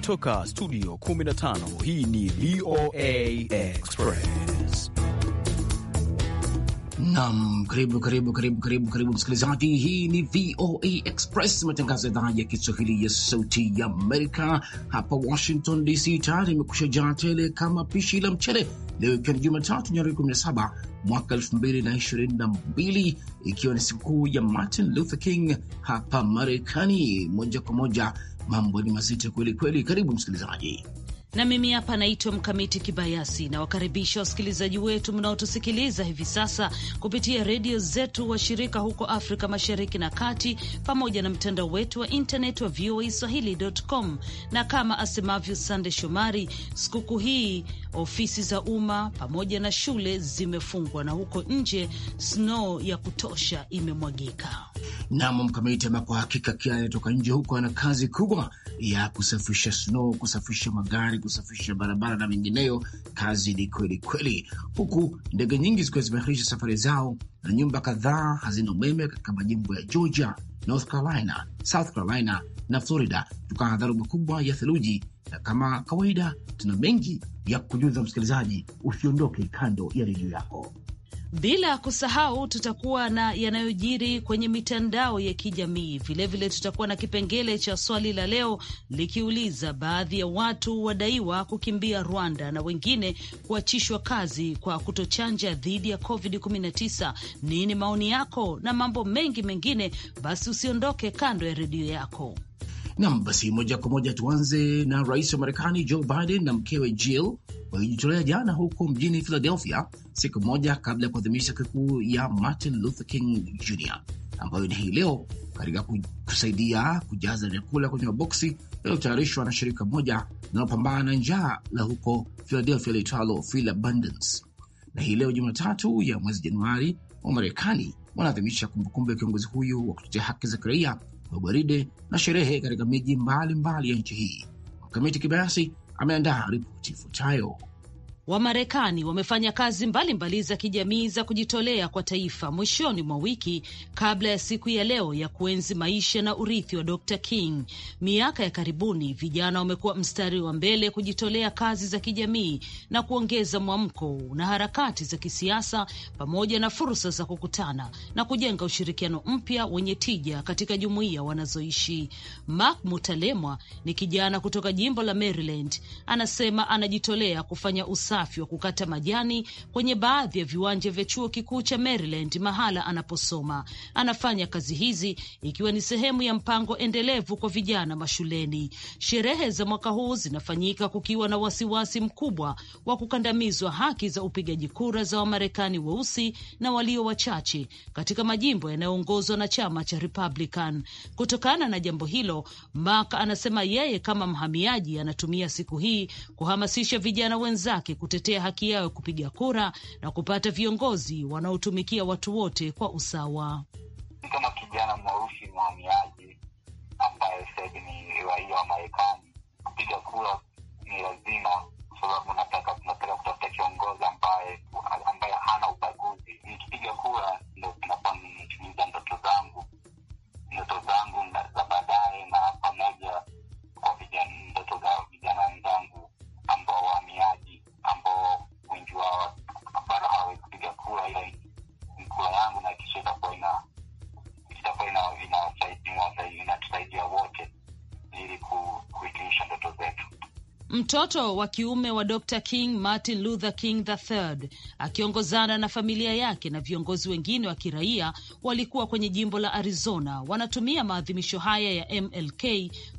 Kutoka studio 15 hii ni VOA Express. Nam, karibu karibu karibu karibu karibu msikilizaji, hii ni VOA Express, matangazo ya idhaa ya Kiswahili ya Sauti ya Amerika hapa Washington DC. Tayari imekusha jaa tele kama pishi la mchele, leo ikiwa ni Jumatatu Januari 17 mwaka 2022, ikiwa ni sikukuu ya Martin Luther King hapa Marekani. Moja kwa moja Mambo ni mazito kweli kweli. Karibu msikilizaji, na mimi hapa naitwa Mkamiti Kibayasi. Nawakaribisha wasikilizaji wetu mnaotusikiliza hivi sasa kupitia redio zetu washirika huko Afrika Mashariki na Kati, pamoja na mtandao wetu wa intnet wa VOA Swahili.com. Na kama asemavyo Sande Shomari, sikukuu hii ofisi za umma pamoja na shule zimefungwa, na huko nje snow ya kutosha imemwagika. Nam mkamiti ama kwa hakika kila anatoka nje huko ana kazi kubwa ya kusafisha snow, kusafisha magari, kusafisha barabara na mengineyo. Kazi ni kweli kweli, huku ndege nyingi zikiwa zimeahirisha safari zao na nyumba kadhaa hazina umeme katika majimbo ya Georgia, North Carolina, South Carolina na Florida kutokana na dharuba kubwa ya theluji. Na kama kawaida, tuna mengi ya kujuza msikilizaji, usiondoke kando ya redio yako bila kusahau tutakuwa na yanayojiri kwenye mitandao ya kijamii vilevile. Vile tutakuwa na kipengele cha swali la leo likiuliza baadhi ya watu wadaiwa kukimbia Rwanda na wengine kuachishwa kazi kwa kutochanja dhidi ya COVID-19. Nini maoni yako? Na mambo mengi mengine, basi usiondoke kando ya redio yako. Nam, basi moja kwa moja tuanze na rais wa Marekani Joe Biden na mkewe Jill walijitolea jana huko mjini Philadelphia, siku moja kabla ya kuadhimisha sikukuu ya Martin Luther King Jr ambayo ni hii leo katika kusaidia kujaza vyakula kwenye maboksi yaliyotayarishwa na shirika moja linalopambana na njaa la huko Philadelphia liitwalo Philabundance. Na hii leo Jumatatu ya mwezi Januari, wa marekani wanaadhimisha kumbukumbu ya kiongozi huyu wa kutetea haki za kiraia magwaride na sherehe katika miji mbalimbali ya nchi hii. Mkamiti Kibayasi ameandaa ripoti ifuatayo. Wamarekani wamefanya kazi mbalimbali za kijamii za kujitolea kwa taifa mwishoni mwa wiki kabla ya siku ya leo ya kuenzi maisha na urithi wa Dr. King. Miaka ya karibuni, vijana wamekuwa mstari wa mbele kujitolea kazi za kijamii na kuongeza mwamko na harakati za kisiasa pamoja na fursa za kukutana na kujenga ushirikiano mpya wenye tija katika jumuiya wanazoishi. Mark Mutalemwa ni kijana kutoka jimbo la Maryland, anasema anajitolea kufanya usa usafi wa kukata majani kwenye baadhi ya viwanja vya chuo kikuu cha Maryland mahala anaposoma. Anafanya kazi hizi ikiwa ni sehemu ya mpango endelevu kwa vijana mashuleni. Sherehe za mwaka huu zinafanyika kukiwa na wasiwasi mkubwa wa kukandamizwa haki za upigaji kura za Wamarekani weusi na walio wachache katika majimbo yanayoongozwa na chama cha Republican. Kutokana na jambo hilo, Mark anasema yeye kama mhamiaji anatumia siku hii kuhamasisha vijana wenzake kutetea haki yao ya kupiga kura na kupata viongozi wanaotumikia watu wote kwa usawa. Kama kijana mweusi mhamiaji ambaye sasa ni raia wa Marekani, kupiga kura ni lazima, kwa sababu nataka tunataka kutafuta kiongozi ambaye ambaye hana ubaguzi. Nikipiga kura Mtoto wa kiume wa Dr King Martin Luther King III akiongozana na familia yake na viongozi wengine wa kiraia walikuwa kwenye jimbo la Arizona wanatumia maadhimisho haya ya MLK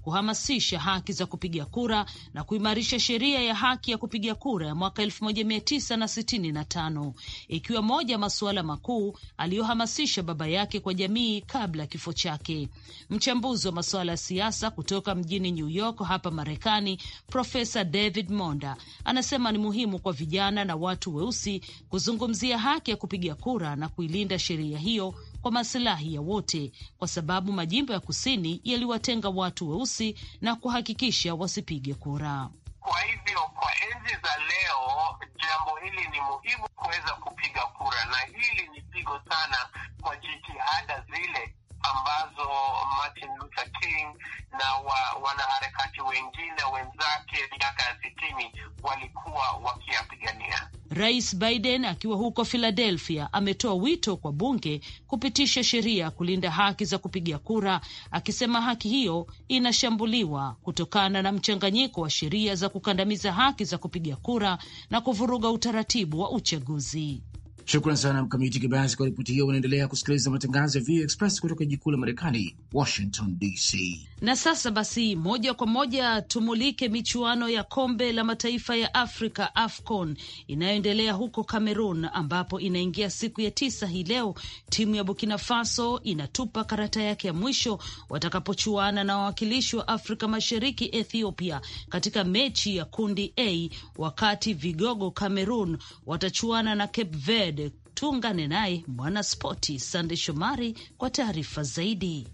kuhamasisha haki za kupiga kura na kuimarisha sheria ya haki ya kupiga kura ya mwaka 1965 ikiwa moja masuala makuu aliyohamasisha baba yake kwa jamii kabla ya kifo chake. Mchambuzi wa masuala ya siasa kutoka mjini New York hapa Marekani, Profesa David Monda anasema ni muhimu kwa vijana na watu weusi kuzungumzia haki ya kupiga kura na kuilinda sheria hiyo kwa masilahi ya wote, kwa sababu majimbo ya kusini yaliwatenga watu weusi na kuhakikisha wasipige kura. Kwa hivyo kwa enzi za leo, jambo hili ni muhimu kuweza kupiga kura, na hili ni pigo sana kwa jitihada zile ambazo Martin Luther King na wa, wanaharakati wengine wenzake miaka ya sitini walikuwa wakiyapigania. Rais Biden akiwa huko Philadelphia ametoa wito kwa bunge kupitisha sheria kulinda haki za kupiga kura, akisema haki hiyo inashambuliwa kutokana na mchanganyiko wa sheria za kukandamiza haki za kupiga kura na kuvuruga utaratibu wa uchaguzi. Shukran sana Mkamiti Kibayasi kwa ripoti hiyo. Unaendelea kusikiliza matangazo ya VOA Express kutoka jiji kuu la Marekani, Washington DC. Na sasa basi, moja kwa moja tumulike michuano ya kombe la mataifa ya Afrika, AFCON, inayoendelea huko Cameroon, ambapo inaingia siku ya tisa hii leo. Timu ya Burkina Faso inatupa karata yake ya mwisho watakapochuana na wawakilishi wa Afrika Mashariki, Ethiopia, katika mechi ya kundi A, wakati vigogo Cameroon watachuana na Cape Verde Tuungane naye mwanaspoti Sande Shomari kwa taarifa zaidi.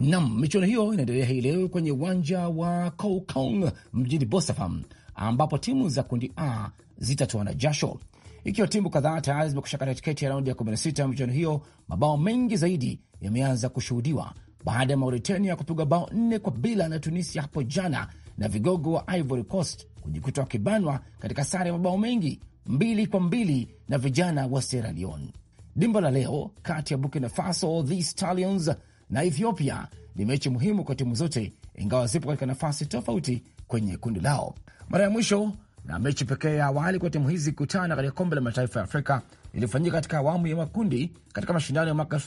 Nam, michuano hiyo inaendelea hii leo kwenye uwanja wa Kaukong mjini Bosafam, ambapo timu za kundi A zitatoana jasho, ikiwa timu kadhaa tayari zimekusha kata tiketi ya raundi ya 16 ya michuano hiyo. Mabao mengi zaidi yameanza kushuhudiwa baada ya Mauritania kupigwa bao nne kwa bila na Tunisia hapo jana, na vigogo wa Ivory Coast kujikuta wakibanwa katika sare ya mabao mengi mbili kwa mbili na vijana wa Sierra Leone. Dimba la leo kati ya Burkina Faso The Stallions na Ethiopia ni mechi muhimu kwa timu zote, ingawa zipo katika nafasi tofauti kwenye kundi lao. Mara ya mwisho na mechi pekee ya awali kwa timu hizi kutana katika kombe la mataifa ya Afrika ilifanyika katika awamu ya makundi katika mashindano ya mwaka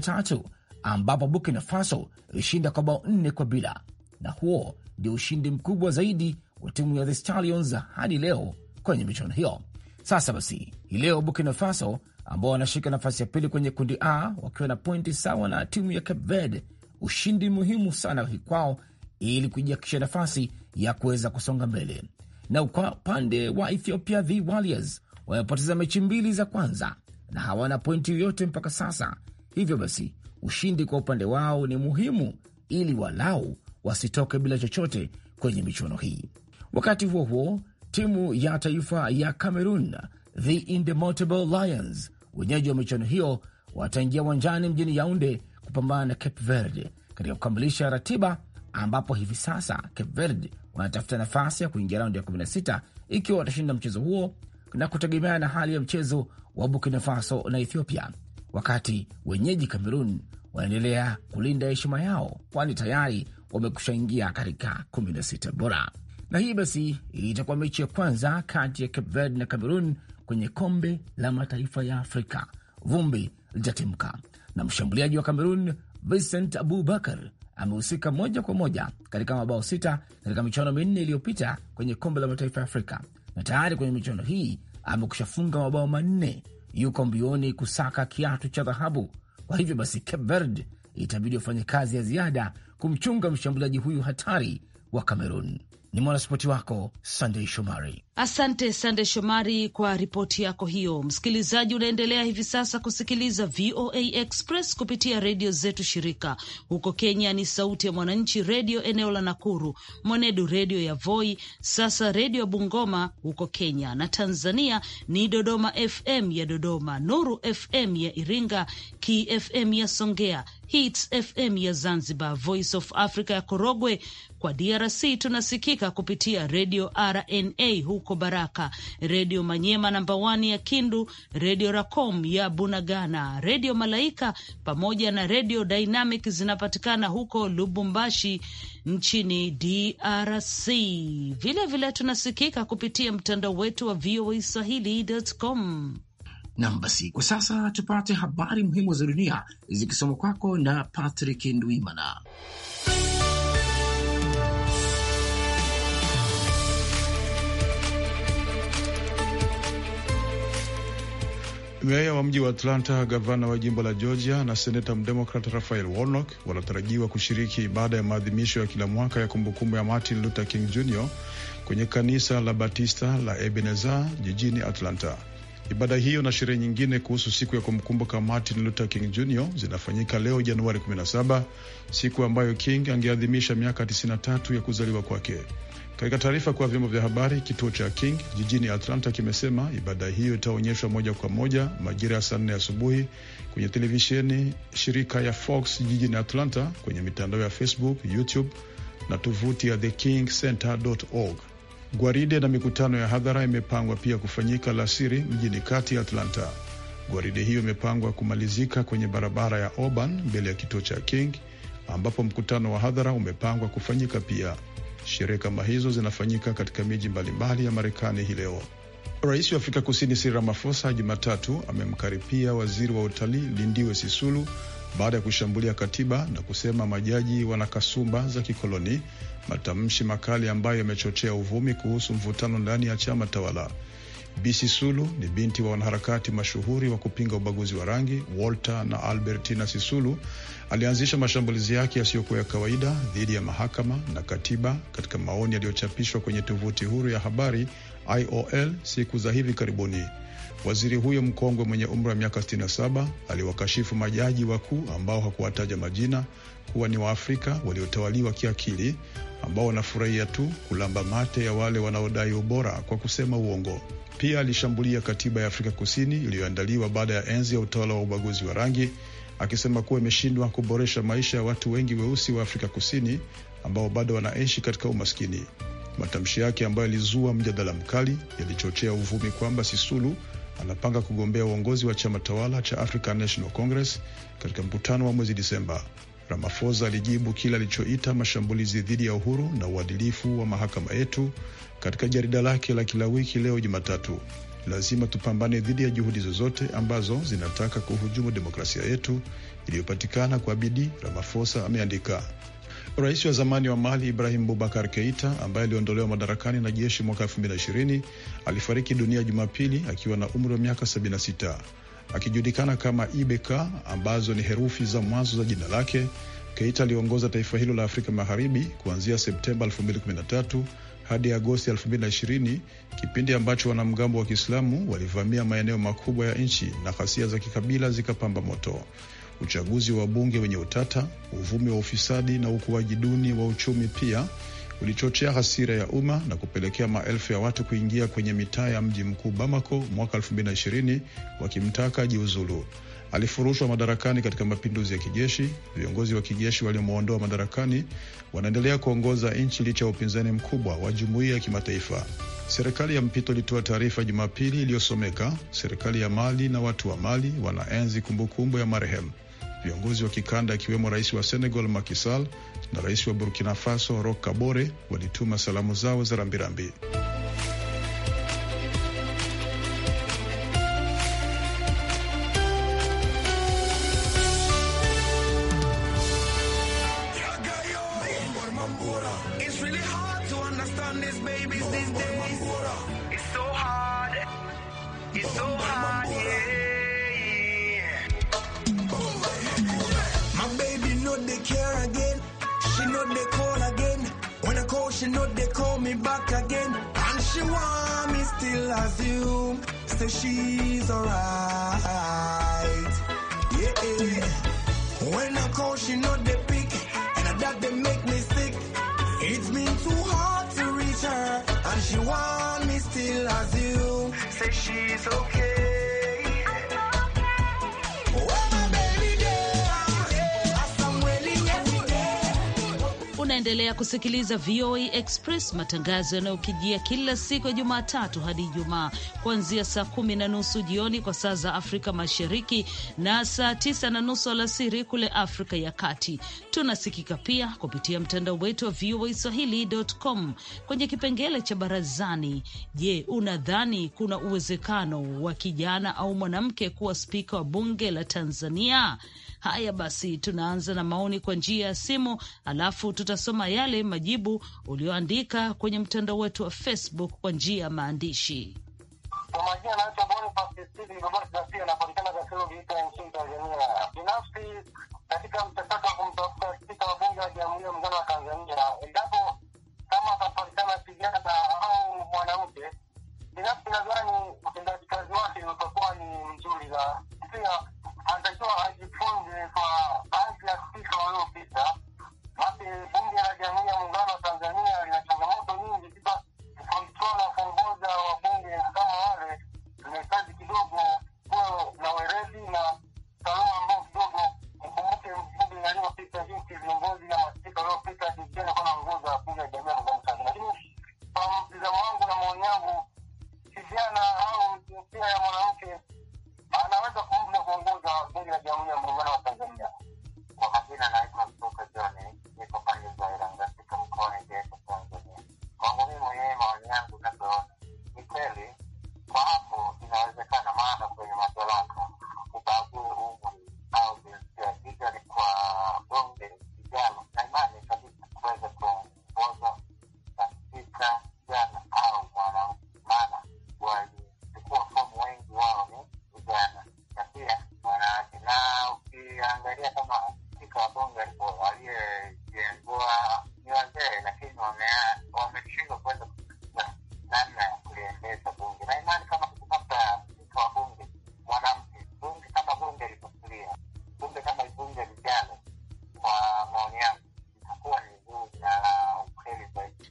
tatu ambapo Burkina Faso ilishinda kwa bao nne kwa bila, na huo ndio ushindi mkubwa zaidi wa timu ya The Stallions hadi leo kwenye michuano hiyo. Sasa basi, hii leo Burkina Faso ambao wanashika nafasi ya pili kwenye kundi A wakiwa na pointi sawa na timu ya Cape Verde, ushindi muhimu sana kwao ili kujiakisha nafasi ya kuweza kusonga mbele. Na kwa upande wa Ethiopia, The Warriors wamepoteza mechi mbili za kwanza na hawana pointi yoyote mpaka sasa. Hivyo basi, ushindi kwa upande wao ni muhimu ili walau wasitoke bila chochote kwenye michuano hii. Wakati huo huo timu ya taifa ya Cameroon the Indomitable Lions, wenyeji wa michuano hiyo, wataingia uwanjani mjini Yaunde kupambana na Cape Verde katika kukamilisha ratiba, ambapo hivi sasa Cape Verde wanatafuta nafasi ya kuingia raundi ya 16 ikiwa watashinda mchezo huo na kutegemea na hali ya mchezo wa Burkina Faso na Ethiopia, wakati wenyeji Cameroon wanaendelea kulinda heshima yao, kwani tayari wamekushaingia katika 16 bora na hii basi itakuwa mechi ya kwanza kati ya Cape Verde na Cameroon kwenye kombe la mataifa ya Afrika. Vumbi litatimka na mshambuliaji wa Cameroon Vincent Abubakar amehusika moja kwa moja katika mabao sita katika michuano minne iliyopita kwenye kombe la mataifa ya Afrika, na tayari kwenye michuano hii amekushafunga mabao manne. Yuko mbioni kusaka kiatu cha dhahabu. Kwa hivyo basi, Cape Verde itabidi wafanye kazi ya ziada kumchunga mshambuliaji huyu hatari wa Cameroon. Ni mwanaspoti wako Sandei Shomari. Asante Sande Shomari kwa ripoti yako hiyo. Msikilizaji, unaendelea hivi sasa kusikiliza VOA Express kupitia redio zetu shirika. Huko Kenya ni Sauti ya Mwananchi redio eneo la Nakuru, Mwenedu redio ya Voi, Sasa redio ya Bungoma huko Kenya, na Tanzania ni Dodoma FM ya Dodoma, Nuru FM ya Iringa, KFM ya Songea, Hits FM ya Zanzibar, Voice of Africa ya Korogwe. Kwa DRC tunasikika kupitia redio RNA huko huko Baraka, Redio Manyema namba 1 ya Kindu, Redio Racom ya Bunagana, Redio Malaika pamoja na Redio Dynamic zinapatikana huko Lubumbashi nchini DRC. Vilevile vile tunasikika kupitia mtandao wetu wa VOA Swahili.com. Nam, basi kwa sasa tupate habari muhimu za dunia zikisoma kwako na Patrick Ndwimana. Meya wa mji wa Atlanta, gavana wa jimbo la Georgia na seneta mdemokrat rafael Warnock wanatarajiwa kushiriki ibada ya maadhimisho ya kila mwaka ya kumbukumbu ya Martin Luther King Jr kwenye kanisa la Batista la Ebenezer jijini Atlanta. Ibada hiyo na sherehe nyingine kuhusu siku ya kumkumbuka Martin Luther King Jr zinafanyika leo Januari 17, siku ambayo King angeadhimisha miaka 93 ya kuzaliwa kwake. Katika taarifa kwa vyombo vya habari, kituo cha King jijini Atlanta kimesema ibada hiyo itaonyeshwa moja kwa moja majira ya saa nne asubuhi kwenye televisheni shirika ya Fox jijini Atlanta, kwenye mitandao ya Facebook, YouTube na tovuti ya thekingcenter.org. Gwaride na mikutano ya hadhara imepangwa pia kufanyika alasiri mjini kati ya Atlanta. Gwaride hiyo imepangwa kumalizika kwenye barabara ya Auburn mbele ya kituo cha King ambapo mkutano wa hadhara umepangwa kufanyika pia. Sherehe kama hizo zinafanyika katika miji mbalimbali ya Marekani hii leo. Rais wa Afrika Kusini Cyril Ramaphosa Jumatatu amemkaripia waziri wa utalii Lindiwe Sisulu baada ya kushambulia katiba na kusema majaji wana kasumba za kikoloni, matamshi makali ambayo yamechochea uvumi kuhusu mvutano ndani ya chama tawala. Bisi Sulu ni binti wa wanaharakati mashuhuri wa kupinga ubaguzi wa rangi Walter na Albertina Sisulu. Alianzisha mashambulizi yake yasiyokuwa ya kawaida dhidi ya mahakama na katiba katika maoni yaliyochapishwa kwenye tovuti huru ya habari IOL siku za hivi karibuni. Waziri huyo mkongwe mwenye umri wa miaka 67 aliwakashifu majaji wakuu ambao hakuwataja majina kuwa ni Waafrika waliotawaliwa kiakili ambao wanafurahia tu kulamba mate ya wale wanaodai ubora kwa kusema uongo. Pia alishambulia katiba ya Afrika Kusini iliyoandaliwa baada ya enzi ya utawala wa ubaguzi wa rangi, akisema kuwa imeshindwa kuboresha maisha ya watu wengi weusi wa Afrika Kusini ambao bado wanaishi katika umaskini. Matamshi yake ambayo yalizua mjadala mkali yalichochea uvumi kwamba Sisulu anapanga kugombea uongozi wa chama tawala cha African National Congress katika mkutano wa mwezi Disemba. Ramaphosa alijibu kile alichoita mashambulizi dhidi ya uhuru na uadilifu wa mahakama yetu katika jarida lake la kila wiki leo Jumatatu. Lazima tupambane dhidi ya juhudi zozote ambazo zinataka kuhujumu demokrasia yetu iliyopatikana kwa bidii, ramafosa ameandika. Rais wa zamani wa Mali Ibrahim Bubakar Keita ambaye aliondolewa madarakani na jeshi mwaka 2020 alifariki dunia Jumapili akiwa na umri wa miaka 76 akijulikana kama ibk ambazo ni herufi za mwanzo za jina lake. Keita aliongoza taifa hilo la Afrika Magharibi kuanzia Septemba 2013 hadi Agosti 2020, kipindi ambacho wanamgambo wa Kiislamu walivamia maeneo makubwa ya nchi na ghasia za kikabila zikapamba moto. Uchaguzi wa bunge wenye utata, uvumi wa ufisadi na ukuaji duni wa uchumi pia ulichochea hasira ya umma na kupelekea maelfu ya watu kuingia kwenye mitaa ya mji mkuu Bamako mwaka 2020 wakimtaka jiuzulu. Alifurushwa madarakani katika mapinduzi ya kijeshi. Viongozi wa kijeshi waliomwondoa madarakani wanaendelea kuongoza nchi licha ya upinzani mkubwa wa jumuiya ya kimataifa. Serikali ya mpito ilitoa taarifa Jumapili iliyosomeka, serikali ya Mali na watu wa Mali wanaenzi kumbukumbu ya marehemu. Viongozi wa kikanda akiwemo rais wa Senegal Macky Sall na rais wa Burkina Faso Roch Kabore walituma salamu zao za rambirambi. she know they call me back again. And she want me still assume, say she's alright. Yeah, when I call, she know they pick, and that they make me sick. It's been too hard to reach her, and she want me still assume, say she's okay. Unaendelea kusikiliza VOA Express, matangazo yanayokijia kila siku ya Jumatatu hadi Ijumaa, kuanzia saa kumi na nusu jioni kwa saa za Afrika Mashariki na saa tisa na nusu alasiri kule Afrika ya Kati. Tunasikika pia kupitia mtandao wetu wa VOA Swahili.com kwenye kipengele cha Barazani. Je, unadhani kuna uwezekano wa kijana au mwanamke kuwa spika wa bunge la Tanzania? Haya basi, tunaanza na maoni kwa njia ya simu, alafu tutasoma yale majibu ulioandika kwenye mtandao wetu wa Facebook kwa njia ya maandishi. Kwa majina naitwa Bonifasi Kasero Geita nchini Tanzania. Binafsi katika mchakato wa kumtafuta spika wa bunge la Jamhuri ya Muungano wa Tanzania, endapo kama atapatikana kijana au mwanamke, binafsi nadhani utendaji kazi wake utakuwa ni mzuri, na pia anatakiwa ajifunze kwa baadhi ya spika waliopita. Basi bunge la jamhuri ya muungano wa Tanzania lina changamoto nyingi, sasa kukontrola kuongoza wabunge kama wale inahitaji kidogo kuwe na weredi na taaluma ambao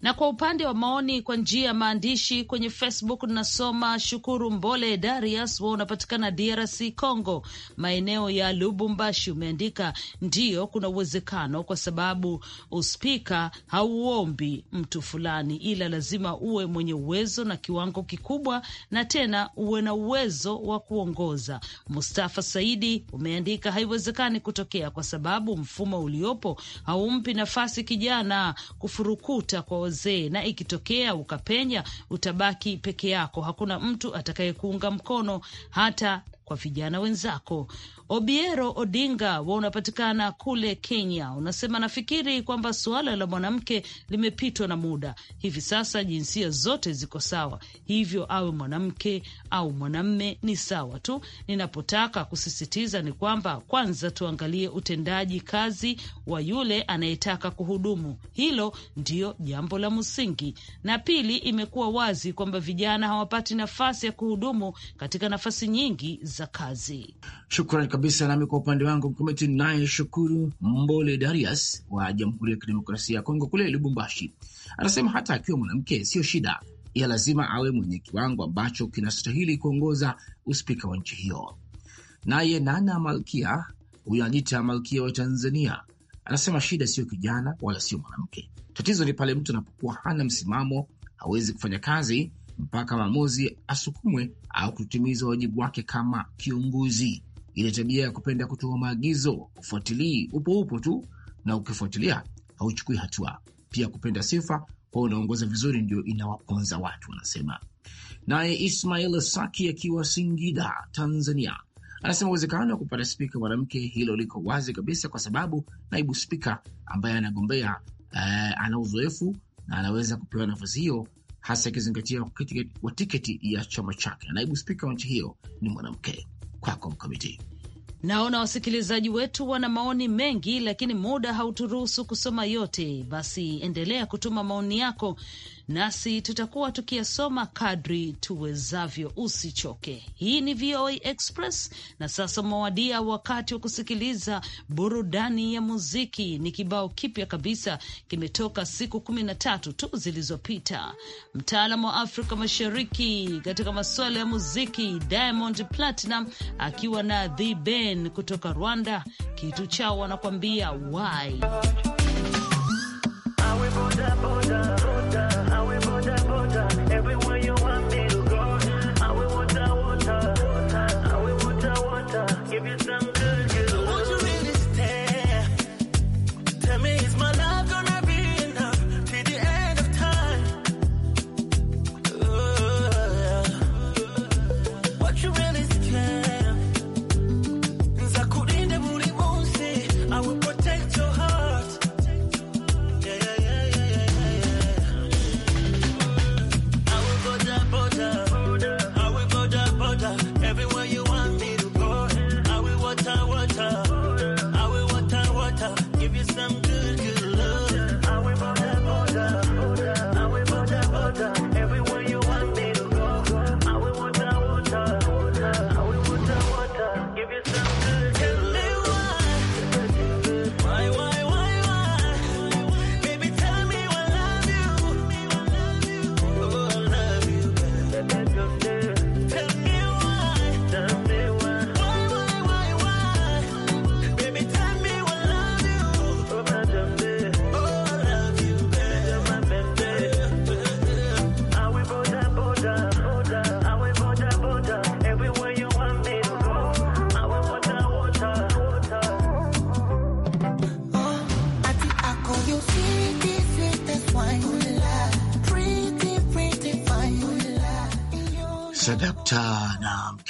Na kwa upande wa maoni kwa njia ya maandishi kwenye Facebook nasoma Shukuru Mbole Darius wa unapatikana DRC Congo, maeneo ya Lubumbashi, umeandika ndiyo, kuna uwezekano kwa sababu uspika hauombi mtu fulani, ila lazima uwe mwenye uwezo na kiwango kikubwa, na tena uwe na uwezo wa kuongoza. Mustafa Saidi umeandika haiwezekani kutokea kwa sababu mfumo uliopo haumpi nafasi kijana kufurukuta kwa uzee, na ikitokea ukapenya, utabaki peke yako. Hakuna mtu atakayekuunga mkono hata kwa vijana wenzako. Obiero Odinga wa unapatikana kule Kenya, unasema nafikiri kwamba suala la mwanamke limepitwa na muda. Hivi sasa jinsia zote ziko sawa, hivyo awe mwanamke au mwanamme ni sawa tu. Ninapotaka kusisitiza ni kwamba kwanza tuangalie utendaji kazi wa yule anayetaka kuhudumu, hilo ndiyo jambo la msingi. Na pili, imekuwa wazi kwamba vijana hawapati nafasi ya kuhudumu katika nafasi nyingi za kazi. Shukrani kabisa. Nami kwa upande wangu mkamiti naye shukuru Mbole Darius wa Jamhuri ya Kidemokrasia ya Kongo kule Lubumbashi, anasema hata akiwa mwanamke sio shida, ya lazima awe mwenye kiwango ambacho kinastahili kuongoza uspika wa nchi hiyo. Naye Nana Malkia, huyo anajiita malkia wa Tanzania, anasema shida sio kijana wala sio mwanamke, tatizo ni pale mtu anapokuwa hana msimamo, hawezi kufanya kazi mpaka maamuzi asukumwe au kutimiza wajibu wake kama kiongozi. Ile tabia ya kupenda kutoa maagizo, ufuatilii upo upo tu, na ukifuatilia hauchukui hatua. Pia kupenda sifa kwa unaongoza vizuri ndio inawaponza watu, wanasema. Naye Ismail Saki akiwa Singida, Tanzania, anasema uwezekano wa kupata spika mwanamke, hilo liko wazi kabisa, kwa sababu naibu spika ambaye anagombea eh, ana uzoefu na anaweza kupewa nafasi hiyo hasa ikizingatia wa tiketi ya chama chake, na naibu spika wa nchi hiyo ni mwanamke. Kwako Mkamiti. Naona wasikilizaji wetu wana maoni mengi, lakini muda hauturuhusu kusoma yote. Basi endelea kutuma maoni yako nasi tutakuwa tukiyasoma kadri tuwezavyo. Usichoke. Hii ni VOA Express, na sasa umewadia wakati wa kusikiliza burudani ya muziki. Ni kibao kipya kabisa, kimetoka siku kumi na tatu tu zilizopita. Mtaalamu wa Afrika Mashariki katika masuala ya muziki Diamond Platinum akiwa na The Ben kutoka Rwanda, kitu chao wanakuambia why. boda boda.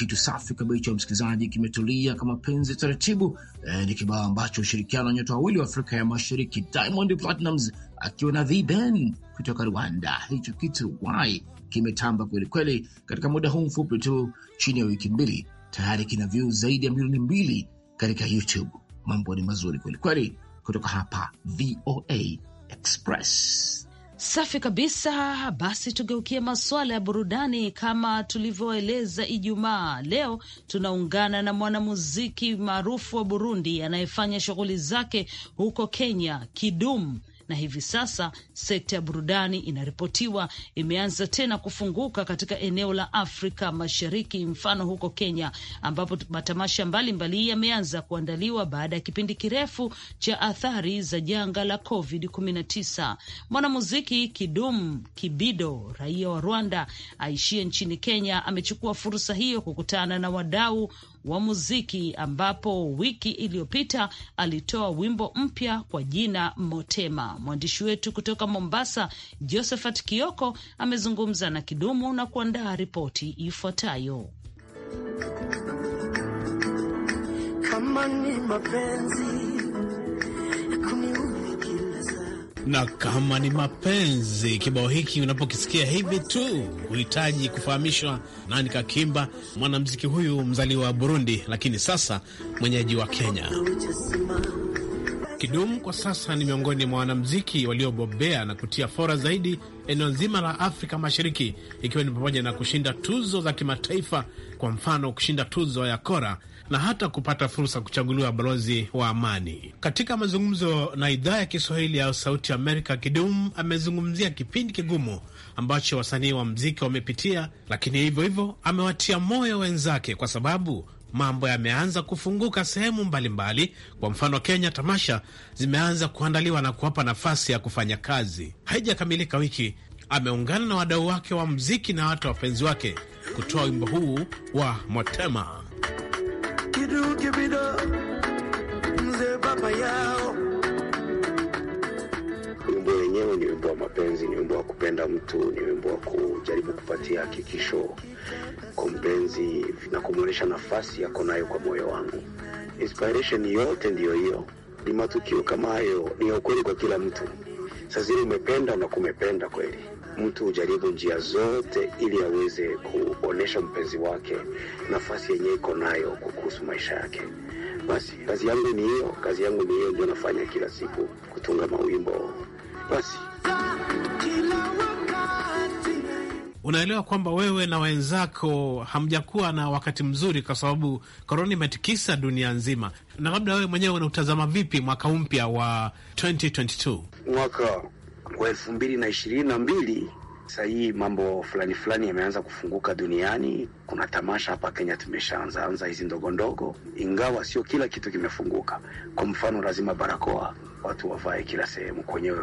kitu safi kabisa msikilizaji, kimetulia kama penzi taratibu. E, ni kibao ambacho ushirikiano wa nyota wawili wa Afrika ya Mashariki, Diamond Platnumz akiwa na The Ben kutoka Rwanda. Hicho kitu wai kimetamba kwelikweli, katika muda huu mfupi tu, chini ya wiki mbili, tayari kina view zaidi ya milioni mbili katika YouTube. Mambo ni mazuri kwelikweli kutoka hapa VOA Express. Safi kabisa. Basi tugeukie masuala ya burudani. Kama tulivyoeleza Ijumaa, leo tunaungana na mwanamuziki maarufu wa Burundi anayefanya shughuli zake huko Kenya, Kidum na hivi sasa sekta ya burudani inaripotiwa imeanza tena kufunguka katika eneo la Afrika Mashariki, mfano huko Kenya, ambapo matamasha mbalimbali yameanza kuandaliwa baada ya kipindi kirefu cha athari za janga la COVID-19. Mwanamuziki Kidum Kibido, raia wa Rwanda aishie nchini Kenya, amechukua fursa hiyo kukutana na wadau wa muziki, ambapo wiki iliyopita alitoa wimbo mpya kwa jina Motema. Mwandishi wetu kutoka Mombasa, Josephat Kioko, amezungumza na Kidumu na kuandaa ripoti ifuatayo. Kama ni mapenzi na kama ni mapenzi. Kibao hiki unapokisikia hivi tu huhitaji kufahamishwa nani kakimba. Mwanamziki huyu mzaliwa wa Burundi, lakini sasa mwenyeji wa Kenya. Kidum kwa sasa ni miongoni mwa wanamziki waliobobea na kutia fora zaidi eneo nzima la Afrika Mashariki, ikiwa ni pamoja na kushinda tuzo za kimataifa, kwa mfano kushinda tuzo ya Kora na hata kupata fursa kuchaguliwa balozi wa amani. Katika mazungumzo na idhaa ya Kiswahili ya Sauti Amerika, Kidum amezungumzia kipindi kigumu ambacho wasanii wa mziki wamepitia, lakini hivyo hivyo amewatia moyo wenzake kwa sababu mambo yameanza kufunguka sehemu mbalimbali mbali. Kwa mfano Kenya, tamasha zimeanza kuandaliwa na kuwapa nafasi ya kufanya kazi. Haijakamilika wiki, ameungana na wadau wake wa mziki na hata wapenzi wake kutoa wimbo huu wa Motema. Wimbo wenyewe ni wimbo wa mapenzi, ni wimbo wa kupenda mtu, ni wimbo wa kujaribu kupatia hakikisho kwa mpenzi na kumwonyesha nafasi yako nayo kwa moyo wangu. Inspiration yote ndiyo hiyo, ni matukio kama hayo, ni ya ukweli kwa kila mtu. Sasa umependa na kumependa kweli mtu hujaribu njia zote ili aweze kuonyesha mpenzi wake nafasi yenye iko nayo kuhusu maisha yake. Basi kazi yangu ni hiyo, kazi yangu ni hiyo, ndio nafanya kila siku, kutunga mawimbo. Basi unaelewa kwamba wewe na wenzako hamjakuwa na wakati mzuri, kwa sababu korona imetikisa dunia nzima. Na labda wewe mwenyewe unautazama vipi mwaka mpya wa 2022 mwaka wa elfu mbili na ishirini na mbili sasa hii mambo fulani fulani yameanza kufunguka duniani. Kuna tamasha hapa Kenya tumeshaanza anza hizi ndogo ndogo, ingawa sio kila kitu kimefunguka. Kwa mfano, lazima barakoa watu wavae kila sehemu, kwenyewe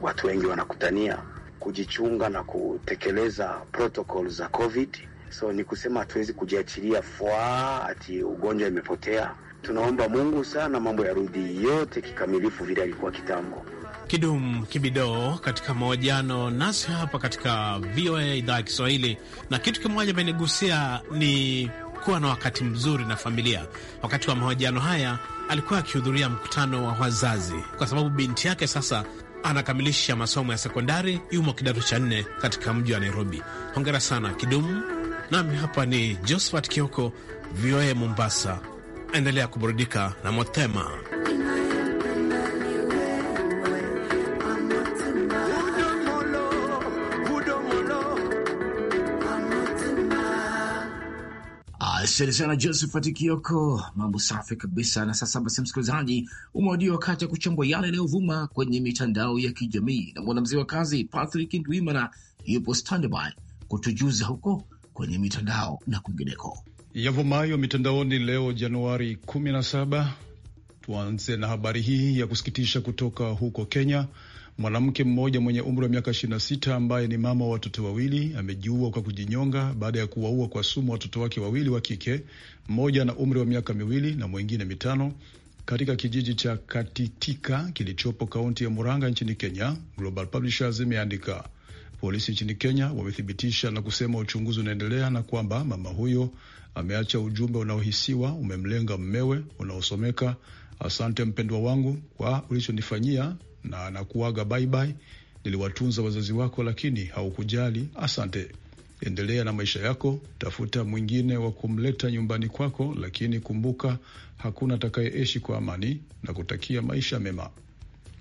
watu wengi wanakutania kujichunga na kutekeleza protokol za COVID. So ni kusema hatuwezi kujiachilia fwa ati ugonjwa imepotea. Tunaomba Mungu sana mambo yarudi yote kikamilifu vile alikuwa kitambo. Kidum Kibidoo katika mahojiano nasi hapa katika VOA idhaa ya Kiswahili. Na kitu kimoja amenigusia ni kuwa na wakati mzuri na familia. Wakati wa mahojiano haya alikuwa akihudhuria mkutano wa wazazi, kwa sababu binti yake sasa anakamilisha masomo ya sekondari, yumo kidato cha nne katika mji wa Nairobi. Hongera sana Kidum. Nami hapa ni Josephat Kioko, VOA Mombasa. Endelea kuburudika na Motema. Asante sana Josephat Kioko, mambo safi kabisa. Na sasa basi, msikilizaji, umewadia wakati ya kuchambua yale yanayovuma kwenye mitandao ya kijamii, na mwanamzee wa kazi Patrick Ndwimana yupo standby kutujuza huko kwenye mitandao na kwingineko yavumayo mitandaoni leo Januari 17. Tuanze na habari hii ya kusikitisha kutoka huko Kenya Mwanamke mmoja mwenye umri wa miaka 26 ambaye ni mama wa watoto wawili amejiua kwa kujinyonga baada ya kuwaua kwa sumu watoto wake wawili wa kike, mmoja na umri wa miaka miwili na mwingine mitano katika kijiji cha Katitika kilichopo kaunti ya Murang'a nchini Kenya. Global Publishers imeandika polisi nchini Kenya wamethibitisha na kusema uchunguzi unaendelea na kwamba mama huyo ameacha ujumbe unaohisiwa umemlenga mmewe unaosomeka Asante mpendwa wangu kwa ulichonifanyia, na nakuaga bye. Niliwatunza wazazi wako, lakini haukujali. Asante, endelea na maisha yako, tafuta mwingine wa kumleta nyumbani kwako, lakini kumbuka, hakuna atakayeishi kwa amani, na kutakia maisha mema.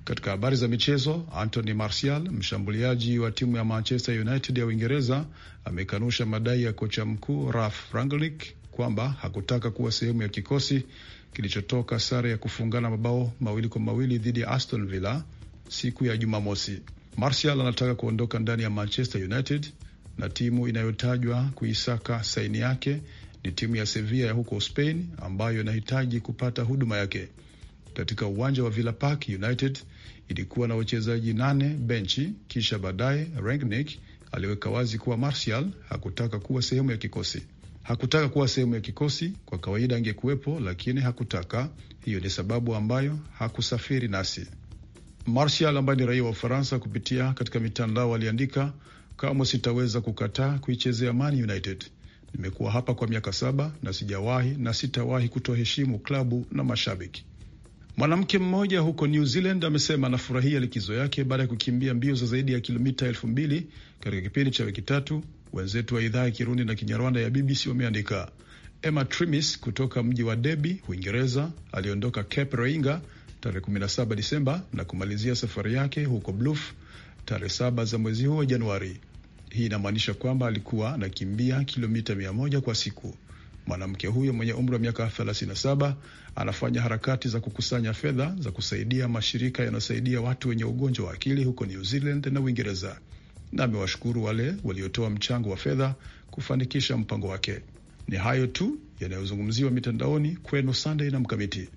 Katika habari za michezo, Anthony Martial, mshambuliaji wa timu ya Manchester United ya Uingereza, amekanusha madai ya kocha mkuu Ralf Rangnick kwamba hakutaka kuwa sehemu ya kikosi kilichotoka sare ya kufungana mabao mawili kwa mawili dhidi ya Aston Villa siku ya Jumamosi. Martial anataka kuondoka ndani ya Manchester United na timu inayotajwa kuisaka saini yake ni timu ya Sevilla ya huko Spain ambayo inahitaji kupata huduma yake. Katika uwanja wa Villa Park, United ilikuwa na wachezaji nane benchi, kisha baadaye Rangnick aliweka wazi kuwa Martial hakutaka kuwa sehemu ya kikosi. Hakutaka kuwa sehemu ya kikosi, kwa kawaida angekuwepo, lakini hakutaka. Hiyo ni sababu ambayo hakusafiri nasi. Marshal ambaye ni raia wa Ufaransa kupitia katika mitandao aliandika, kamwe sitaweza kukataa kuichezea Man United. Nimekuwa hapa kwa miaka saba na sijawahi na sitawahi kutoheshimu klabu na mashabiki. Mwanamke mmoja huko New Zealand amesema anafurahia likizo yake baada ya kukimbia mbio za zaidi ya kilomita elfu mbili katika kipindi cha wiki tatu Wenzetu wa idhaa ya Kirundi na Kinyarwanda ya BBC wameandika Emma Trimis kutoka mji wa Derby, Uingereza, aliondoka Cape Reinga tarehe 17 Disemba na kumalizia safari yake huko Bluff tarehe 7 za mwezi wa Januari. Hii inamaanisha kwamba alikuwa anakimbia kilomita 100 kwa siku. Mwanamke huyo mwenye umri wa miaka 37 anafanya harakati za kukusanya fedha za kusaidia mashirika yanayosaidia watu wenye ugonjwa wa akili huko New Zealand na Uingereza na amewashukuru wale waliotoa mchango wa fedha kufanikisha mpango wake. Ni hayo tu yanayozungumziwa mitandaoni kwenu Sunday na Mkamiti.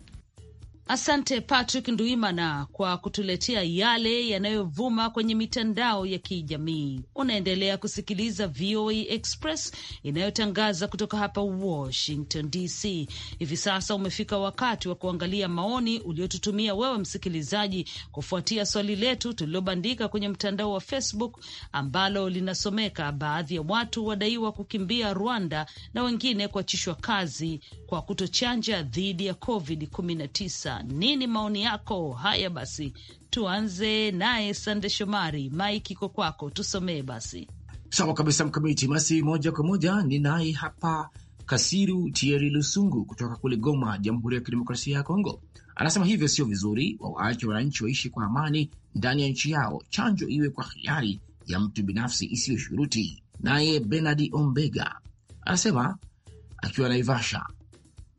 Asante Patrick Nduimana kwa kutuletea yale yanayovuma kwenye mitandao ya kijamii. Unaendelea kusikiliza VOA Express inayotangaza kutoka hapa Washington DC. Hivi sasa umefika wakati wa kuangalia maoni uliotutumia wewe msikilizaji, kufuatia swali letu tulilobandika kwenye mtandao wa Facebook ambalo linasomeka, baadhi ya watu wadaiwa kukimbia Rwanda na wengine kuachishwa kazi kwa kutochanja dhidi ya COVID-19. Nini maoni yako? Haya basi, tuanze naye Sande Shomari, maiki iko kwako, tusomee basi. Sawa kabisa Mkamiti, basi moja kwa moja ni naye hapa Kasiru Tieri Lusungu kutoka kule Goma, Jamhuri ya Kidemokrasia ya Kongo, anasema hivyo sio vizuri, wawaache wananchi waishi kwa amani ndani ya nchi yao, chanjo iwe kwa hiari ya mtu binafsi isiyo shuruti. Naye Benadi Ombega anasema akiwa Naivasha,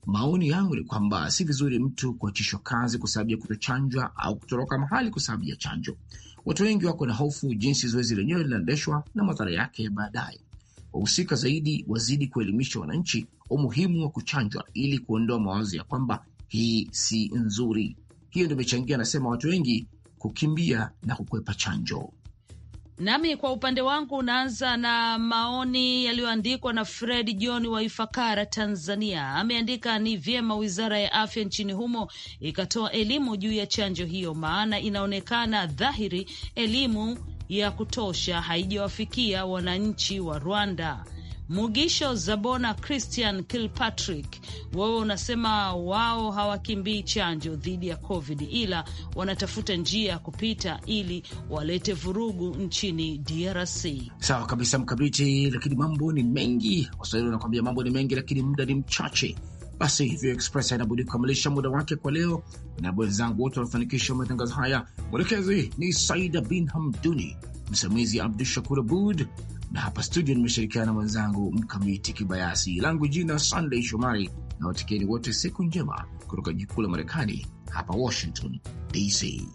Maoni yangu ni kwamba si vizuri mtu kuachishwa kazi kwa sababu ya kutochanjwa au kutoroka mahali kwa sababu ya chanjo. Watu wengi wako na hofu jinsi zoezi lenyewe linaendeshwa na madhara yake baadaye. Wahusika zaidi wazidi kuelimisha wananchi umuhimu wa kuchanjwa ili kuondoa mawazo ya kwamba hii si nzuri. Hiyo ndio imechangia, anasema, watu wengi kukimbia na kukwepa chanjo. Nami kwa upande wangu unaanza na maoni yaliyoandikwa na Fred John wa Ifakara, Tanzania. Ameandika, ni vyema wizara ya afya nchini humo ikatoa elimu juu ya chanjo hiyo, maana inaonekana dhahiri elimu ya kutosha haijawafikia wananchi wa Rwanda. Mugisho Zabona Christian Kilpatrick, wewe unasema wao hawakimbii chanjo dhidi ya COVID ila wanatafuta njia ya kupita ili walete vurugu nchini DRC. Sawa kabisa Mkabiti, lakini mambo ni mengi. Waswahili wanakuambia mambo ni mengi, lakini muda ni mchache. Basi hivyo Express inabudi kukamilisha muda wake kwa leo. Na wenzangu wote wanafanikisha matangazo haya, mwelekezi ni Saida bin Hamduni, msimamizi Abdu Shakur Abud na hapa studio nimeshirikiana na mwenzangu Mkamiti Kibayasi, langu jina Sunday Shomari, na watakieni wote siku njema kutoka jikuu la Marekani hapa Washington DC.